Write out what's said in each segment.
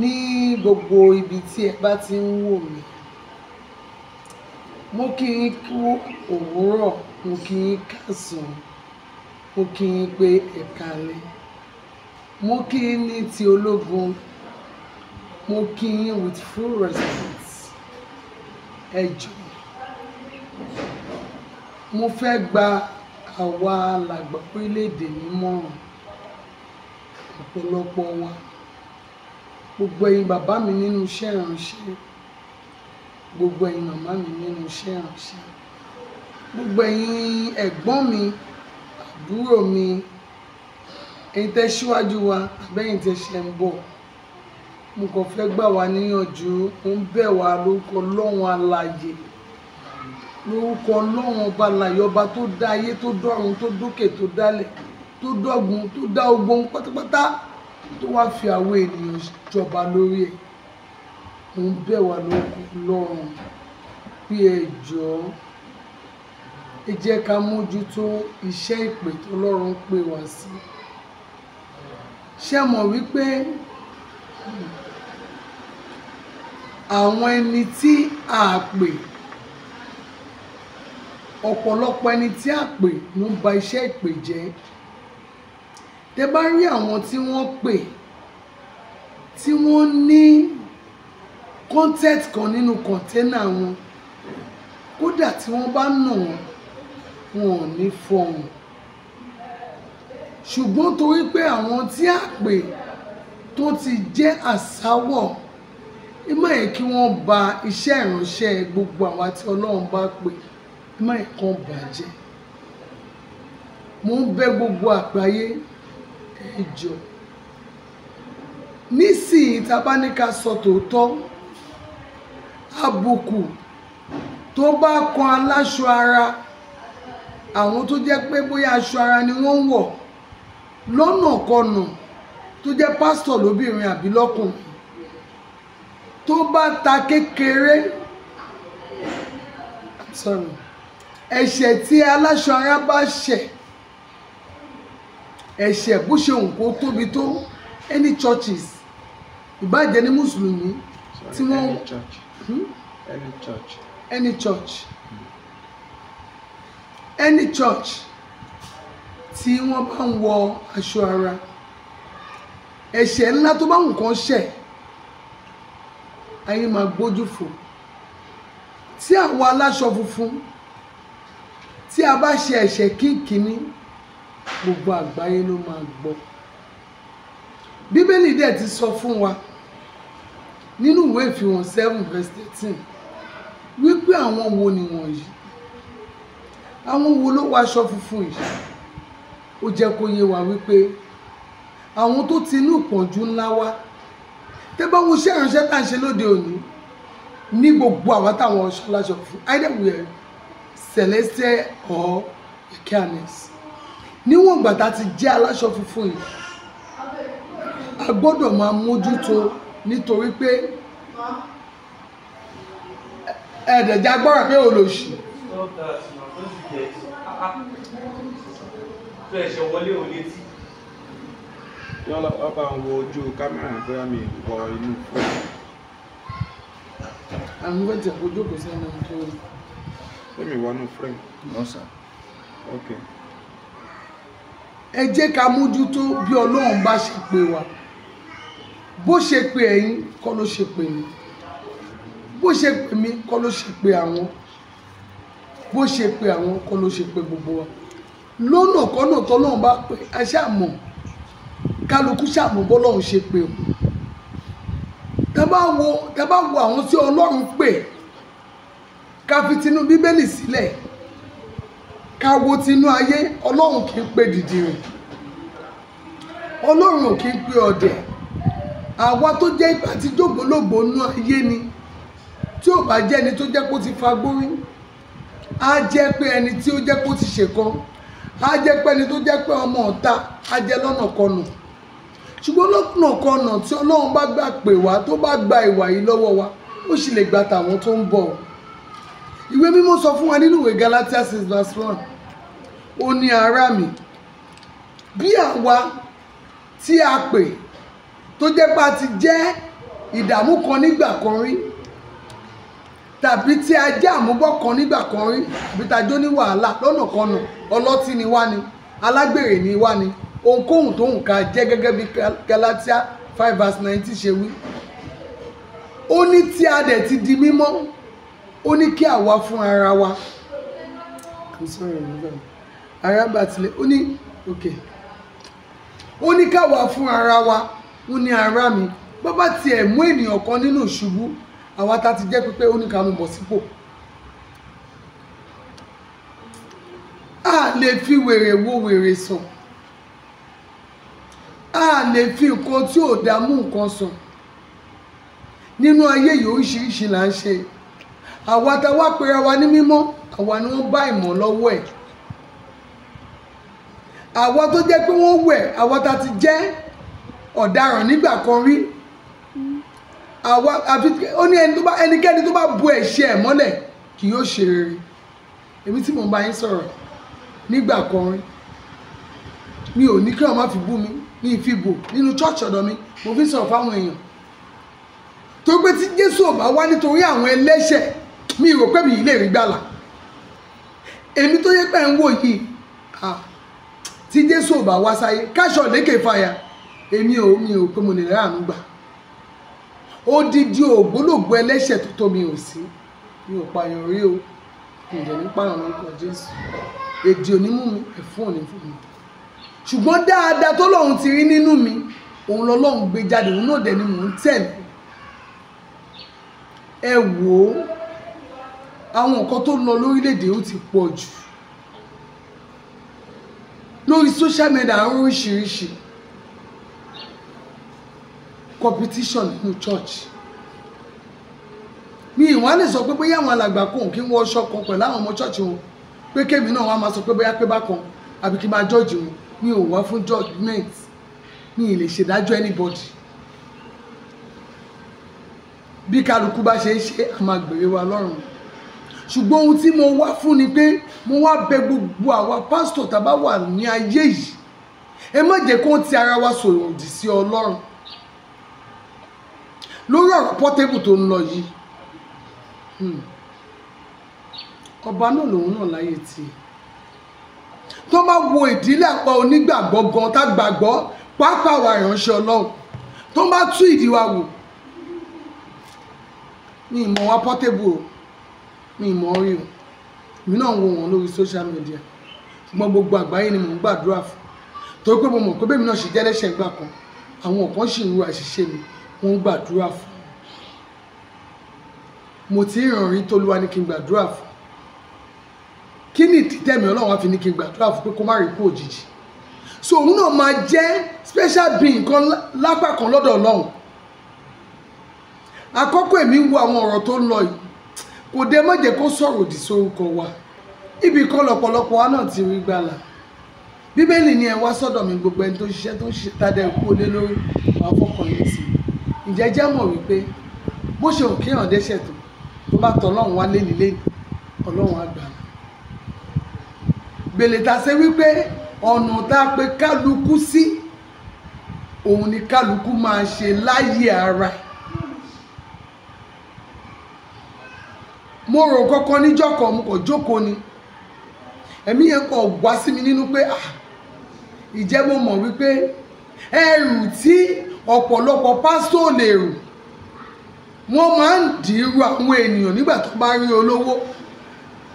ní gbogbo ibi tí ẹ bá ti ń wò mí mo kí yín kú òwúrọ̀ mo kí yín kásán mo kí yín pé ẹ̀ka lé mo kí yín ní ti ológun mo kí yín with full respect ẹ jọ̀ọ́ mo fẹ́ gba àwa làgbà orílẹ̀-èdè nímọ̀ràn ọ̀pọ̀lọpọ̀ wa gbogbo ẹ̀yin bàbá mi nínú iṣẹ́ ìránṣẹ́ gbogbo ẹ̀yin màmá mi nínú iṣẹ́ ìránṣẹ́ gbogbo ẹ̀yin ẹ̀gbọ́n mi àbúrò mi ẹ̀yin tẹ́ síwájú wa àbẹ́yìn tẹ́ ṣe ń bọ̀ mo kàn fẹ́ gbà wá níyànjú mo ń bẹ̀ wá lórúkọ Ọlọ́run alààyè lórúkọ Ọlọ́run ọba alààyè ọba tó dá ayé tó dọ́run tó dókè tó dálẹ̀ tó dọ́gun tó dá ogun pátápátá tó wá fi àwọn ènìyàn jọba lórí ẹ̀ mo ń bẹ̀ wá lọ́rùn bí ẹ jọ̀ọ́ ẹ jẹ́ ká mójútó iṣẹ́ ìpè tọ́lọ́run pè wá sí ṣé mọ̀ wípé àwọn ẹni tí a pè ọ̀pọ̀lọpọ̀ ẹni tí a pè ló ń ba iṣẹ́ ìpè jẹ́ tẹ bá rí àwọn tí wọ́n pè tí wọ́n ní content kan nínú kọ̀ńténà wọn kódà tí wọ́n bá nà wọ́n wọn ò ní fọhùn ṣùgbọ́n torí pé àwọn tí a pè tó ti jẹ́ àsáwọ̀ ẹ má yẹ kí wọ́n ba iṣẹ́ ìránṣẹ́ gbogbo àwa tí Ọlọ́run bá pè ẹ má yẹ kán bàjẹ́ mo ń bẹ̀ gbogbo àgbáyé ìjọ nísìnyí tá a bá ní ká sọ tòótọ́ àbùkù tó bá kan aláṣọ ara àwọn tó jẹ́ pé bóyá aṣọ ara ni wọ́n ń wọ̀ lọ́nà kọnà tó jẹ́ pásítọ̀ lóbìnrin àbí lọ́kùnrin tó bá ta kékeré ẹ̀ṣẹ̀ tí aláṣọ ara bá ṣẹ̀ ẹ̀ṣẹ̀ bó ṣe òun kó tóbi tó any churches ìbàjẹ́ ní mùsùlùmí tí wọ́n hmm? any church any church any church tí wọ́n bá ń wọ aṣọ ara ẹ̀ṣẹ̀ ńlá tó bá nǹkan ṣẹ̀ ayé máa gbójú fò tí àwọn aláṣọ funfun tí a bá ṣe ẹ̀ṣẹ̀ kínkínní gbogbo àgbáyé ló máa gbọ́ bíbélì dẹ̀ ti sọ fún wa nínú ìwé ìfihàn seven verse thirteen wípé àwọn wo ni wọ̀nyí àwọn wo ló wọ aṣọ funfun yìí ó jẹ́ kó yé wa wípé àwọn tó ti inú ìpọ́njú ńlá wá tẹ́ bá wo iṣẹ́ ìránṣẹ́ tá à ń ṣe lóde òní ní gbogbo àwọn táwọn ọ̀ṣọ́ láṣọ fún either we are celestial or mechanics níwọ̀n ìgbà tá a ti jẹ́ aláṣọ funfun yìí a gbọ́dọ̀ máa mójútó nítorí pé ẹ̀ẹ́dẹ̀jẹ̀ agbára pé olóṣì. tó ẹ̀ṣẹ̀ wọlé ò ń wo ojú kámẹ́rà bóyá mi wọ inú fóònù. àwọn ìwé tẹ̀ kó jókòó sí ẹnu fóònù. ṣé wọnú frame. lọ́sàn ẹ jẹ́ ká mójútó bí ọlọ́run bá ṣe pè wá bó ṣe pè ẹ̀yin kọ́ ló ṣe pè mí bó ṣe pè mí kọ́ ló ṣe pè àwọn bó ṣe pè àwọn kọ́ ló ṣe pè gbogbo wa lọ́nà kọ́nà tọ́lọ́run bá pè á ṣàmọ̀ kálukú ṣàmọ̀ bọ́lọ́run ṣe pè o tẹ́bá wo tẹ́bá wo àwọn tí ọlọ́run pè ká fi tinú bíbélì sílẹ̀ si ká wo tinú ayé ọlọ́run kì í pe dìdìrìn ọlọ́run ò kì í pe ọ̀dẹ̀ àwa tó jẹ́ ipa ti jògbólógbò nú ayé ni tí ò bá jẹ́ ẹni tó jẹ́ kó ti fagbórí á jẹ́ pé ẹni tí ó jẹ́ kó ti ṣèkan á jẹ́ pé ẹni tó jẹ́ pé ọmọ ọ̀tá á jẹ́ lọ́nà kọnà ṣùgbọ́n lọ́nà kọnà tí ọlọ́run bá gbà pè wá tó bá gba ìwà yìí lọ́wọ́ wa ó sì lè gba tàwọn tó ń bọ̀ ìwé mímọ́ sọ fún wa nínú ìwé Galatians six verse one ó ní ará mi bí àwa tí a pè tó jẹ́ pé a ti jẹ́ ìdààmú kan nígbà kan rí tàbí tí a jẹ́ àmúbọ̀ kan nígbà kan rí àbí tá jó ní wàhálà lọ́nà kan nù ọlọ́tí ni wá ni alágbèrè ni wá ni ohunkóhun tó ń ka jẹ́ gẹ́gẹ́ bí Galatia five verse nineteen ṣe wí ó ní tí a dẹ̀ ti di mímọ́ ó ní kí àwa fún ara wa. I'm sorry, I'm sorry arábà tilẹ̀ ó ní òkè ó ní káwa fún ara wa ó ní ara mi bó bá tiẹ̀ mú ènìyàn kan nínú ìṣubú àwa ta ti jẹ́ pípẹ́ ó ní ká mú bọ̀ sípò a lè fi wèrè wo wèrè sàn a lè fi nǹkan tí ò dá nǹkan sàn nínú ayé yìí oríṣiríṣi là ń ṣe àwa ta wá pera wa ní mímọ́ àwa ni wọ́n bá ìmọ̀ lọ́wọ́ ẹ̀ àwọn tó jẹ́ pé wọ́n wẹ̀ àwọn tá ti jẹ́ ọ̀daràn nígbà kan rí àwa àfi ó ní ẹnikẹ́ni tó bá bu ẹ̀ṣẹ̀ ẹ̀ mọ́lẹ̀ kì yóò ṣe rere èmi tí mò ń bá yín sọ̀rọ̀ nígbà kan rí mi ò ní kí wọ́n má fi bú mi ní ìfibò nínú church ọ̀dọ̀ mi mo fi sọ̀rọ̀ fáwọn èèyàn tó pé tí Jésù ò bá wá nítorí àwọn ẹlẹ́ṣẹ̀ mi rò pé mi ì lè rí gbàlà èmi tó yẹ pé ń wò yìí ah tí jésù ò bá wá sáyé káṣọ lékè fàyà èmi ò mi ò pé mo lè ráàánú gbà odidi ògbólógbòó ẹlẹ́ṣẹ̀ tó tó mi ò sí mi ò pààyàn rí o ǹjẹ́ ní pààyàn lórúkọ jésù èdè òní mú mi ẹ̀fún òní fún mi ṣùgbọ́n dáadáa tó lọ́run ti rí nínú mi òun lọ́lọ́run gbé jáde òun náà dẹ̀ ni mò ń tẹ̀lé ẹ wò ó àwọn nǹkan tó lọ lórílẹ̀‐èdè ó ti pọ̀ jù lórí social media àwọn oríṣiríṣi competition nínú church mi ìwọ̀n á lè sọ pé bóyá àwọn alàgbà kò kí wọ́n ọṣọ kan pẹ̀lú àwọn ọmọ church wọn pé kémi náà wọ́n á máa sọ pé bóyá pé bákan àbí kí n máa judge wọn mi ò wá fún judgement mi ì lè ṣèdájọ́ anybody bí kálukú bá ṣe ń ṣe àmàgbèrè wa lọ́rùn ṣùgbọ́n ohun tí mo wá fún ni pé mo wá bẹ gbogbo àwa pásítọ̀ tá a bá wà ní ayé yìí ẹ má jẹ́ kó ti ara wa sọ̀rọ̀ òdì sí ọlọ́run lórí ọ̀rọ̀ pọ́tébù tó ń lọ yìí hmm. ọba náà lòun náà láyé tiẹ̀ tó bá wo ìdílé àpá onígbàgbọ́ gan tá gbàgbọ́ pàápàá wà ìránṣẹ́ ọlọ́run tó bá tú ìdíwà wò ní ìmọ̀ wa pọ́tébù o mi ì mọ̀ rí o èmi náà wo wọn lórí social media ṣùgbọ́n gbogbo àgbáyé ni mò ń gbàdúrà fún torí pé mo mọ̀ pé bẹ́ẹ̀ náà ṣe jẹ́lẹ́ṣẹ̀ gbà kan àwọn kan sì ń àṣìṣe mi wọ́n ń gbàdúrà fún mo ti ń ràn rí tolúwa ní kí n gbàdúrà fún kí ni ìtìtẹ́mi ọlọ́run á fi ní kí n gbàdúrà fún pé kó má rí kú òjijì so òun náà máa jẹ́ special being kan lápá kan lọ́dọ̀ ọlọ́run àkọ́kọ́ èmi wo àwọn ọ̀rọ̀ tó ń lọ yìí kò dé má jẹ́ kó sọ̀rọ̀ òdì sórúkọ wa ibì kan lọ̀pọ̀lọpọ̀ wa náà ti rí gbàlà bíbélì ni ẹ wá sọ́dọ̀ mi gbogbo ẹni tó ṣiṣẹ́ tó ń ṣe tádà ẹ̀kú olé lórí wàá fọkàn yín sí i ǹjẹ́ jẹ́ mọ̀ wípé bó ṣe òkè hàn dẹ́ṣẹ̀ tó tó bá tọ́ ọlọ́run wá léni léni ọlọ́run á gbà gbèlè ta ṣe wípé ọ̀nà tá a pe kálukú sí òun ni kálukú máa ṣe láyé ara mo rò kankan níjọ́ kan mo kàn jókòó ni ẹ̀mí yẹn kàn wá sí mi nínú pé ah ìjẹ́ mo mọ̀ wípé ẹrù tí ọ̀pọ̀lọpọ̀ pásítọ̀ lè rù wọ́n máa ń dìírú àwọn ènìyàn nígbà tó bá rí olówó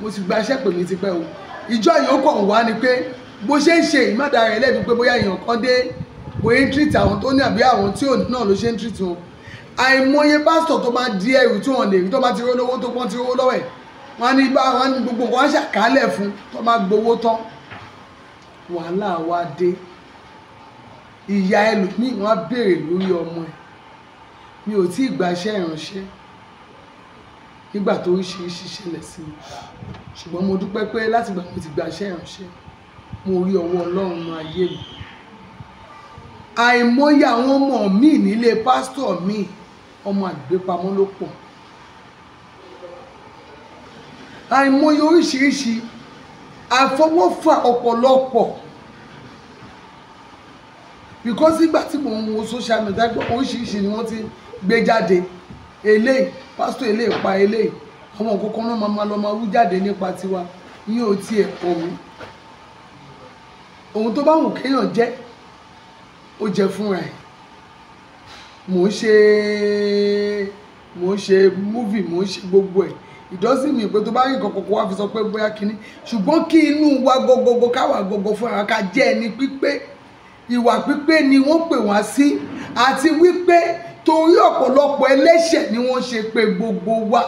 mo sì gba iṣẹ́ pè mí tipẹ́ o ìjọ yìí kàn wá ni pé bó ṣe ń ṣe ìmọ̀dára ẹlẹ́bi pé bóyá èèyàn kan dé bóyá ń tírìtì àwọn tó ní àbí àwọn tí ò náà ló ṣe ń tírìtì wọn àìmọye pásítọ̀ tó máa di ẹrù tí wọ́n lè rí tó máa ti rówó lọ́wọ́ tó pọ́n ti rówó lọ́wọ́ ẹ̀ wọ́n á ní bá wọn ní gbogbo nǹkan wọ́n á ṣàkálẹ̀ fún tó máa gbowó tán wàhálà wa dé ìyá ẹlòmíì wọ́n á béèrè lórí ọmọ ẹ̀ mi ò tí ì gbaṣẹ́ ìránṣẹ́ nígbà tó ń ṣe ṣiṣẹ́lẹ̀ sí i ṣùgbọ́n mo dúpẹ́ pé láti gbà mo ti gbaṣẹ́ ìránṣẹ́ mo rí ọwọ́ Ọlọ́run ayé mi àìmọye àwọn ọmọ mi nílé pásítọ̀ mi ọmọ àgbépamọ́ ló pọ̀ àìmọye oríṣiríṣi àfọwọ́fà ọ̀pọ̀lọpọ̀ because nígbà tí mò ń wo social media gbọ́ oríṣiríṣi ni wọ́n ti gbé jáde eléyìí pásítọ̀ eléyìí pa eléyìí àwọn òkòkò náà máa máa lọ máa wú jáde nípa tiwa ní òtí ẹ̀ ọ̀hún ohun tó bá wù kéèyàn jẹ́ ó jẹ́ fúnra ẹ̀ mò ń ṣe mò ń ṣe múvì mò ń ṣe gbogbo ẹ̀ ìdọ́sí mi pé tó bá yìn kankan kó wá fi sọ pé bóyá kínní ṣùgbọ́n kí inú wa gọgọgọ káwa gọgọ fúnra ká jẹ́ ẹni pípé ìwà pípé ni wọ́n pè wá sí àti wípé torí ọ̀pọ̀lọpọ̀ ẹlẹ́ṣẹ̀ ni wọ́n ṣe pé gbogbo wa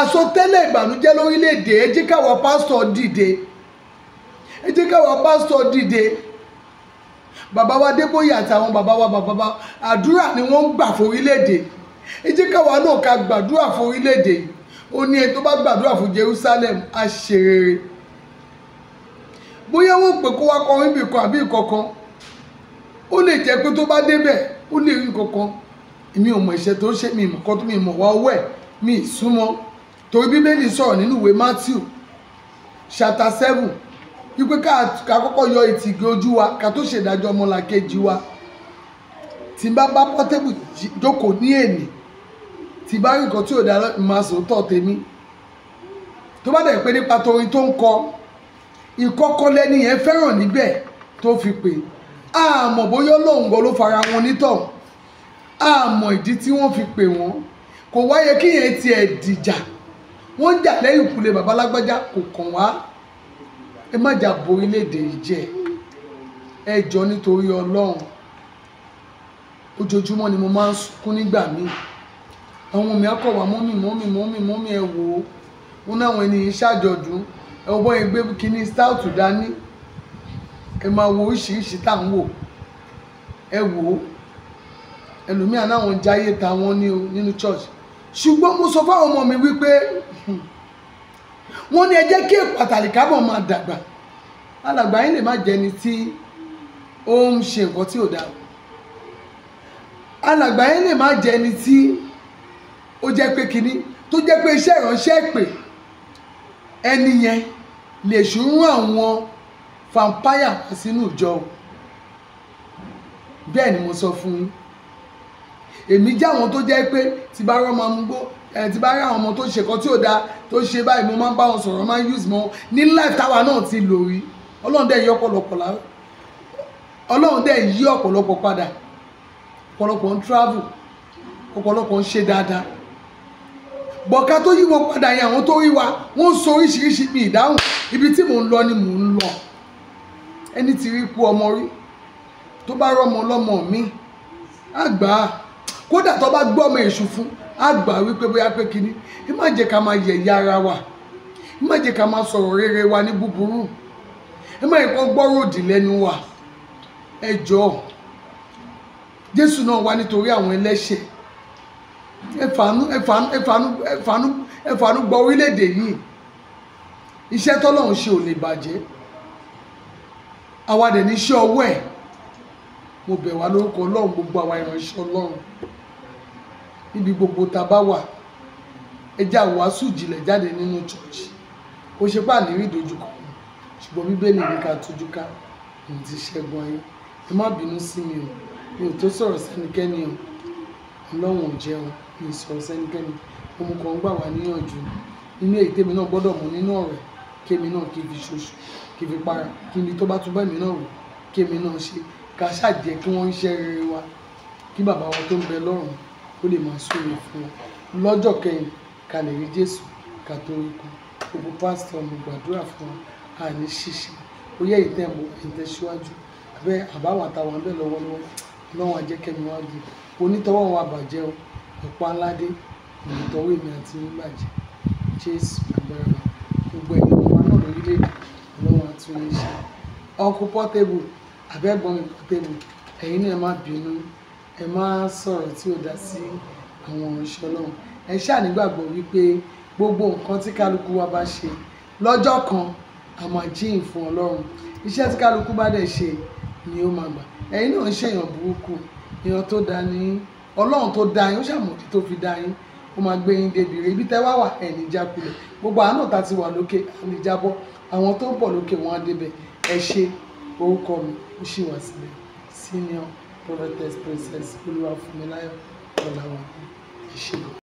àsọtẹ́lẹ̀ ìbànújẹ́ lórílẹ̀‐èdè ẹ jẹ́ káwa pásítọ̀ dìde ẹ jẹ́ káwa pásítọ̀ dìde bàbá wa Adébóyè àtàwọn bàbá wa bàbá wa àdúrà ni wọ́n ń gbà forílẹ̀-èdè ẹ jẹ́ káwa náà ká gbàdúrà forílẹ̀ ó ní ẹni tó bá gbàdúrà fún Jerusalem á ṣe rere bóyá wọ́n pè kó wá kọrin ibì kan àbí ìkọ̀kan ó lè jẹ́ pé tó bá débẹ̀ ó lè rí nǹkankan èmi ò mọ iṣẹ́ tó ṣe mi ìmọ̀ kan tó mi mọ̀ wá ọwọ́ ẹ̀ mi ì súnmọ́ torí Bíbélì sọ̀rọ̀ nínú ìwé Matthew chapter seven wípé ká kọ́kọ́ yọ ìtìgé ojú wa ká tó ṣèdájọ́ ọmọlàkejì wa tí n bá bá pọ́tẹ́bù jókòó ní èní tí bá rí nǹkan tí ò dára máa sòótọ́ tèmi tó bá dẹ̀ pé nípa torin tó ń kọ ìkọ́kọ́ lẹ́ni yẹn fẹ́ràn níbẹ̀ tó fi pè àmọ́ bóyá lóun gan ló fara wọn nítọ̀ àmọ́ ìdí tí wọ́n fi pè wọ́n kò wáyé kíyẹn tiẹ̀ dìjà wọ́n jà lẹ́yìn ìkúlẹ̀ babalágbájá kò kàn wá ẹ má jà bo orílẹ̀-èdè yìí jẹ́ ẹ jọ nítorí ọlọ́run ojoojúmọ́ ni mo máa ń sunkún nígbà míì àwọn mi akọ̀ wá mọ́mì mọ́mì mọ́mì mọ́mì ẹ wò ó wọn náwọn ènìyàn ṣàjọ̀dún ẹ wọ́n yẹn gbé kínní stout dání ẹ máa wo oríṣiríṣi tá à ń wò ẹ wò ó ẹlòmíà náà wọn jáyé ta wọn ní o nínú church ṣùgbọ́n mo sọ fáwọn ọmọ mi wípé wọ́n ní ẹ jẹ́ kí èpò àtàlìkábọ̀ máa dàgbà alàgbà yín lè má jẹni tí ó ń ṣe nǹkan tí ò dáa alàgbà yín lè má jẹni tí ó jẹ́ pé kinní tó jẹ́ pé iṣẹ́ ìránṣẹ́ ìpè ẹni yẹn lè ṣùgbọ́n àwọn vampire sínú ìjọ bẹ́ẹ̀ ni mo sọ fún yín èmi jẹ́ àwọn tó jẹ́ pé tí bá rọ́ mú gbọ́ ẹ ti bá rí àwọn ọmọ tó ṣe kan tí ò da tó ṣe báyìí mo máa ń bá wọn sọ̀rọ̀ máa ń use mọ́ ní life táwa náà ti lò rí ọlọ́run dẹ̀ yí ọ̀pọ̀lọpọ̀ la ọlọ́run dẹ̀ yí ọ̀pọ̀lọpọ̀ padà ọ̀pọ̀lọpọ̀ ń travel ọ̀pọ̀lọpọ̀ ń ṣe dáadáa bọ̀ká tó yí wọn padà yẹn àwọn tó rí wa wọ́n ń sọ oríṣiríṣi mi ìdáhùn ibi tí mò ń lọ ni mò ń lọ ẹni tí rí kú ọmọ rí tó bá rọmọ ọlọ́mọ mi àgbà kódà tó bá gbọ́mọ èṣù fún á gbà wípé bóyá pé kíní ẹ má jẹ́ ká máa yẹ̀yẹ́ ara wa ẹ má jẹ́ ká máa sọ̀rọ̀ rere wa ní búburú ẹ má yẹ kó gbọ́rọ̀ òdì lẹ́nu wa ẹ jọ Jésù náà wá nítorí àwọn ẹlẹ́ṣẹ̀ ẹ gba orílẹ̀-èdè yìí iṣẹ́ tọ́lọ́run ṣe ò lè bàjẹ́ àwa dẹ̀ ní iṣẹ́ ọwọ́ ẹ̀ mo bẹ̀ wá lórúkọ ọlọ́run gbogbo àwa ìránṣẹ́ ọlọ́run ibi gbogbo tá a bá wà ẹja wàásù ìjìnlẹ̀ jáde nínú chọ́ọ̀chì kò ṣe pà ní rí ìdojúkọ ṣùgbọ́n bíbélì ní ká tójú ká òun ti ṣẹ́gun ayé ẹ má bínú sí mi o mi ò tó sọ̀rọ̀ sẹ́nikẹ́ni o ọlọ́run ò jẹun mi ò sọ̀rọ̀ sẹ́nikẹ́ni ọmọ kan gbà wá níyànjú nínú èyí tèmi náà gbọ́dọ̀ mú nínú ọ̀rẹ́ kémi náà kí fi ṣoṣù kí fi para kí ni tó bá tún bá mi náà wò kémi náà ṣe ká ṣáà kí wọ́n ń ṣe rere wa kí bàbá wa tó ń bẹ lọ́rùn ó lè máa súre fún ọ lọ́jọ́ kẹyìn ká lè rí jésù ká tó rí kú gbogbo pásítọ̀ mo gbàdúrà fún ọ àní ṣíṣe ó yẹ ìtẹ̀mọ̀ ìtẹ̀síwájú abẹ́ àbáwọn àtàwọn abẹ́ lọ́wọ́lọ́wọ́ náà wàá jẹ́ kẹ́mi wá gbé onítọ́wọ́ wa bàjẹ́ o ọ̀pá aládé onítọ́wọ́ èmi àti yín bàjẹ́ jésù agbára wa gbogbo ẹ̀mí wa náà lórílẹ̀-èdè ọlọ́run àtúnyẹ̀ṣe ọkùn pọ́tẹ́bù abẹ́gbọ́n pọ́tẹ́bù ẹ̀yin náà má bínú ẹ má sọ̀rọ̀ tí ò dá sí àwọn òrìṣà ọlọ́run ẹ ṣáà nígbàgbọ́ wípé gbogbo nǹkan tí kálukú wa bá ṣe lọ́jọ́ kan a máa jíìn fún ọlọ́run iṣẹ́ tí kálukú bá dẹ̀ ṣe ni ó máa gbà ẹ̀yin náà ń ṣèyàn burúkú èèyàn tó dá ní ọlọ́run tó dá yín ó ṣàmùtí tó fi dá yín ó máa gbé yín débi rẹ̀ ibi tẹ́ wá wà ẹ̀ní jákulẹ̀ gbogbo àánú ta ti wà lókè àní jábọ́ àwọn tó ń bọ̀ lókè wọn á débẹ̀ ẹ ṣe orúkọ mi ó ṣì wà sílẹ̀ senior Prophetess Princess Goodluck Fúnmiláyọ̀ Ọláwálé ẹ ṣé.